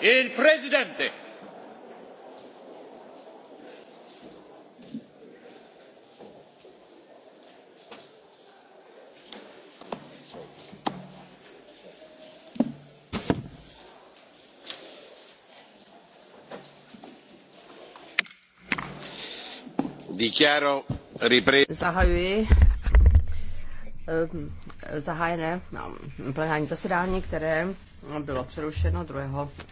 il presidente. Zahajuji ehm, zahájené no, plenární zasedání, které bylo přerušeno 2.